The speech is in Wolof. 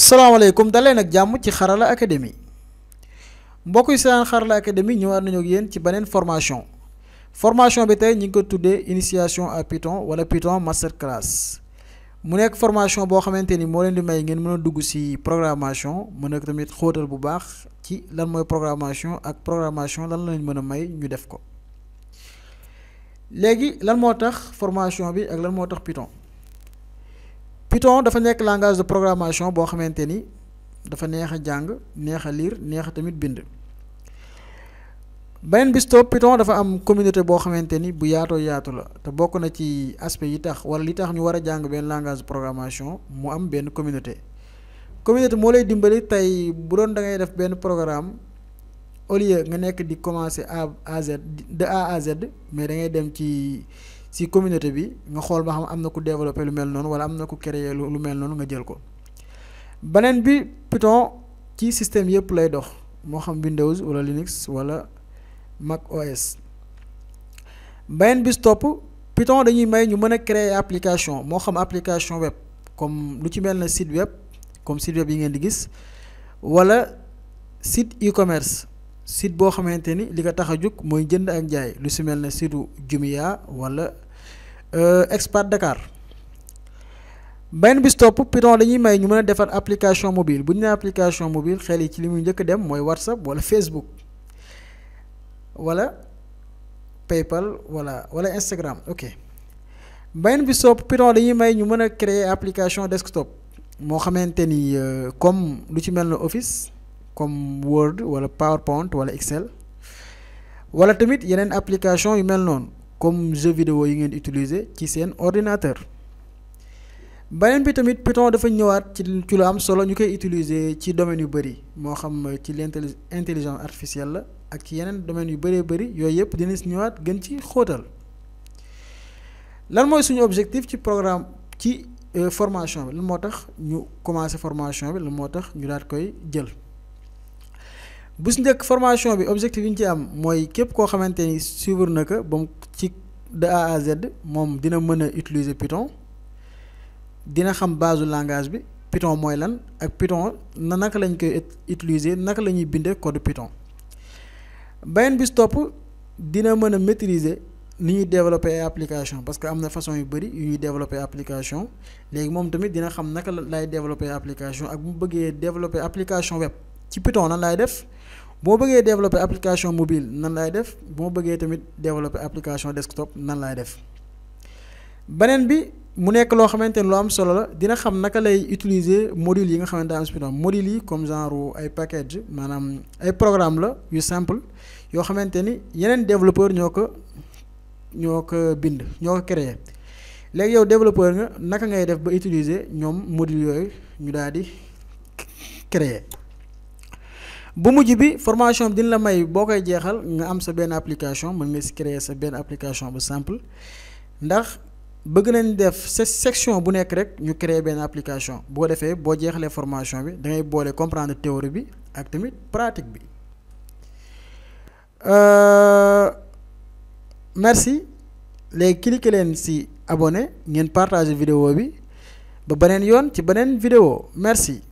salaamaaleykum dalee nag jàmm ci xarala académie mbokk yi seen xarala académie ñëwaat nañu ak yéen ci beneen formation formation bi tey ñu ngi ko tuddee initiation à piton wala Python master class mu nekk formation boo xamante ni moo leen di may ngeen mën a dugg si programmation mën a tamit xóotal bu baax ci lan mooy programmation ak programmation lan lañ mën a may ñu def ko léegi lan moo tax formation bi ak lan moo tax piton Python dafa nekk langage de programmation boo xamante ni dafa neex a jàng neex a lire neex tamit bind. beneen bis toog Python dafa am communauté boo xamante ni bu yaatoo yaatu la te bokk na ci aspect yi tax wala li tax ñu war a jàng benn langage de programmation mu am benn communauté. communauté moo lay dimbali tey bu doon da ngay def benn programme au lieu nga nekk di commencer A à Z de A à Z mais da ngay dem ci. si communauté bi nga xool ba xam am na ku développé lu mel noonu wala am na ku créé lu mel noonu nga jël ko beneen bi Python ci système yëpp lay dox moo xam Windows wala Linux wala Mac OS beneen bi topp Python dañuy may ñu mën a créer application moo xam application web comme lu ci mel na sit web comme site web yi ngeen di gis wala sit e-commerce site boo xamante ni li ko tax a jóg mooy jënd ak jaay lu si mel ne situ Jumia wala euh, Expat Dakar benn bis piton Python dañuy may ñu mën a defar application mobile bu ñu nee application mobile xel yi ci li muy njëkk dem mooy WhatsApp wala Facebook wala PayPal wala wala Instagram ok benn bis topp Python dañuy may ñu mën a créer application desktop moo xamante ni euh, comme lu ci mel ne Office. comme Word wala PowerPoint wala Excel wala tamit yeneen application yu mel noonu comme jeu vidéo yi ngeen utiliser ci seen ordinateur beneen bi tamit Python dafa ñëwaat ci ci lu am solo ñu koy utiliser ci domaine yu bëri moo xam ci l'intelli intelligence artificielle la ak ci yeneen domaines yu bëree bëri yooyu yëpp dina si ñëwaat gën ci xóotal lan mooy suñu objectif ci programme ci euh, formation bi lan moo tax ñu commencé formation bi lan moo tax ñu daal koy jël. bu si njëkk formation bi objectif yi ñu ci am mooy képp koo xamante ni suivre na ko ba mu ci de A Z moom dina mën a utiliser Python dina xam base langage bi piton mooy lan ak piton na naka lañ koy utiliser naka la ñuy bindee code piton beneen bi topp dina mën a maîtriser ni ñuy développer ay application parce que am na façon yu bëri yu ñuy développer application léegi moom tamit dina xam naka lay développer application ak bu bëggee développer application web ci Python nan laay def boo bëggee développer application mobile nan laay def boo bëggee tamit développer application desktop nan laay def beneen bi mu nekk loo xamante ne lu am solo la dina xam naka lay utiliser module yi nga xamante am Python module yi comme genre ay package maanaam ay programme la yu simple yoo xamante ni yeneen développeur ñoo ko ñoo ko bind ñoo ko créer léegi yow développeur nga naka ngay def ba utiliser ñoom module yooyu ñu daal di créer bu mujj bi formation bi dina la may boo koy jeexal nga am sa benn application mën nga si créer sa benn application bu simple ndax bëgg nañ def sa section bu nekk rek ñu créer benn application boo defee boo jeexalee formation bi da ngay boole comprendre théorie bi ak tamit pratique bi euh, merci léegi cliquer leen si abonné ngeen partager vidéo bi ba beneen yoon ci beneen vidéo merci